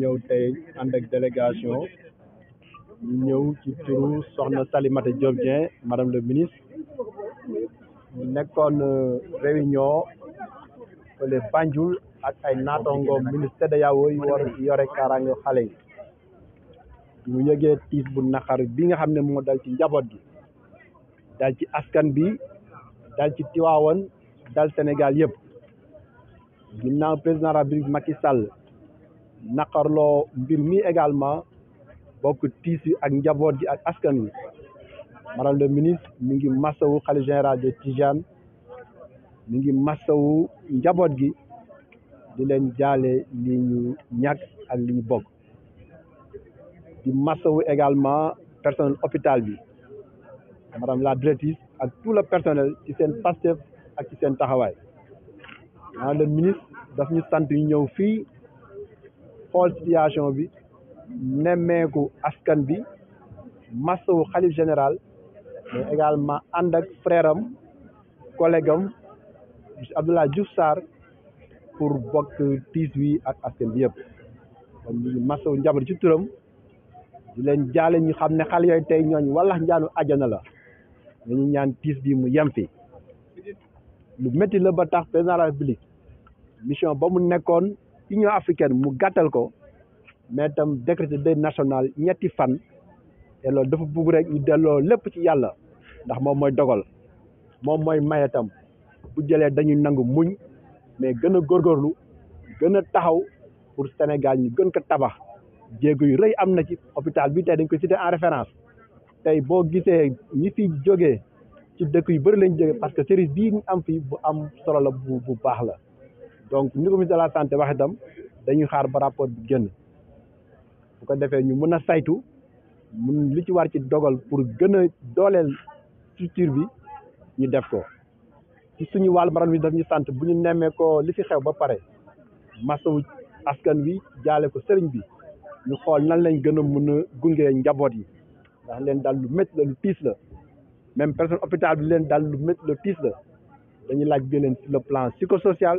ñëw tey ànd ak délégation ñu ñëw ci turu soxna Salimata Diop madame le ministre nekkoon euh, réunion fële ak ay naatangoom ministère de yawo yi yore kaaraange xale yi ñu yëgee tiis bu naqar bi nga xam ne moo dal ci njaboot gi dal ci askan bi dal ci Tiwaawan dal Sénégal yëpp ginnaaw président République Macky Sall naqarloo mbir mi également bokk tiis yi ak njaboot gi ak askan wi madame le ministre mi ngi massawu xalifa général de Tijane mi ngi massawu njaboot gi di leen jaale li ñu ñàkk ak li ñu bokk di massawu également personnel hôpital bi madame la directrice ak tout le personnel ci seen Pastef ak ci seen taxawaay madame le ministre daf ñu sant ñu ñëw fii xool situation bi nemmeeku askan bi wu xalif général mais également ànd ak frère am collègue am Abdoulaye pour bokk tiis wi ak askan bi yëpp kon wu masawu ci turam di leen jaale ñu xam ne xale yooyu tey ñooñ walla njaanu àjjana la dañu ñaan tiis bi mu yem fi lu metti la ba tax président de la mission ba mu nekkoon Union africaine mu gàttal ko mais tam décrété deuil national ñetti fan te loolu dafa bugg rek ñu delloo lépp ci yàlla ndax moom mooy dogal moom mooy maye bu jëlee dañuy nangu muñ mais gën a góorgóorlu gën a taxaw pour Sénégal ñi gën ko tabax jéego yu rëy am na ci hôpital bi tey dañ ko cité en référence tey boo gisee ñi fi jógee ci dëkk yi bëri lañ jógee parce que service bii ñu am fi bu am solo la bu baax la. donc ni ko ministre de la santé wax dañuy xaar ba rapport bi génn bu ko defee ñu mën a saytu mun li ci war ci dogal pour gën a dooleel structure bi ñu def ko ci suñu wàllu maran bi daf ñu sant bu ñu nemmee ko li fi xew ba pare wu askan wi jaale ko sëriñ bi ñu xool nan lañ gën a mën a gungee njaboot yi ndax leen daal lu métti la lu tiis la même personne hôpital bi leen daal lu métti la tiis la dañuy laaj bi leen sur le plan psychosocial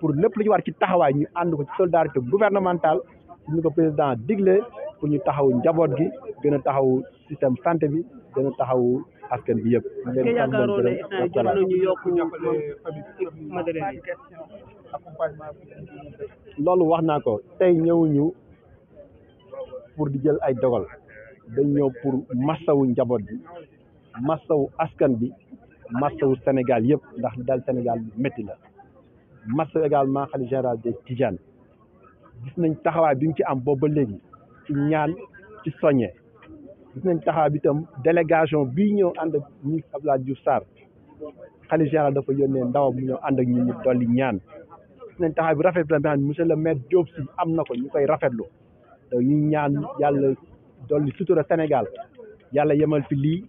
pour lépp lu ñu war ci taxawaay ñu ànd ko ci solidarité gouvernementale su ñu ko président digle pour ñu taxaw njaboot gi gën a taxaw système santé bi gën a taxaw askan bi yëpp. leen di sant doon gërëm loolu wax naa ko tey ñëwuñu pour di jël ay dogal dañ ñëw pour massawu njaboot bi massawu askan bi massawu Sénégal yëpp ndax dal Sénégal métti la. massa également xalif général des Tidiane gis nañ taxawaay bi mu ci am boobu ba léegi ci ñaan ci soññe gis nañ taxawaay bi tam délégation bii ñëw ànd ak ministre Abdoulaye Diouf Sarr xalif général dafa yónnee ndawam mu ñëw ànd ak ñun ñu dolli ñaan gis nañ taxawaay bi rafetlu na bi monsieur le maire Diop si am na ko ñu koy rafetlu te ñuy ñaan yàlla dolli sutura Sénégal yàlla yemal fi lii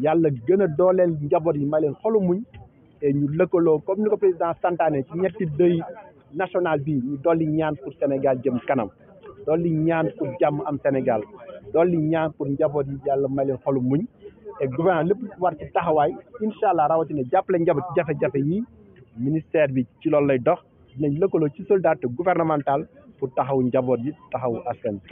yàlla gën a dooleel njaboot yi may leen xolu muñ ñu lëkkaloo comme ni ko président santaane ci ñetti dëy national bi ñu dolli ñaan pour Sénégal jëm kanam dolli ñaan pour jàmm am Sénégal dolli ñaan pour njaboot yi yàlla may leen xolu muñ et gouvernement lépp war ci taxawaay incha allah rawatina jàppale njaboot jafe-jafe yi ministère bi ci loolu lay dox dinañ lëkkaloo ci solidarité gouvernementale pour taxawu njaboot yi taxaw askan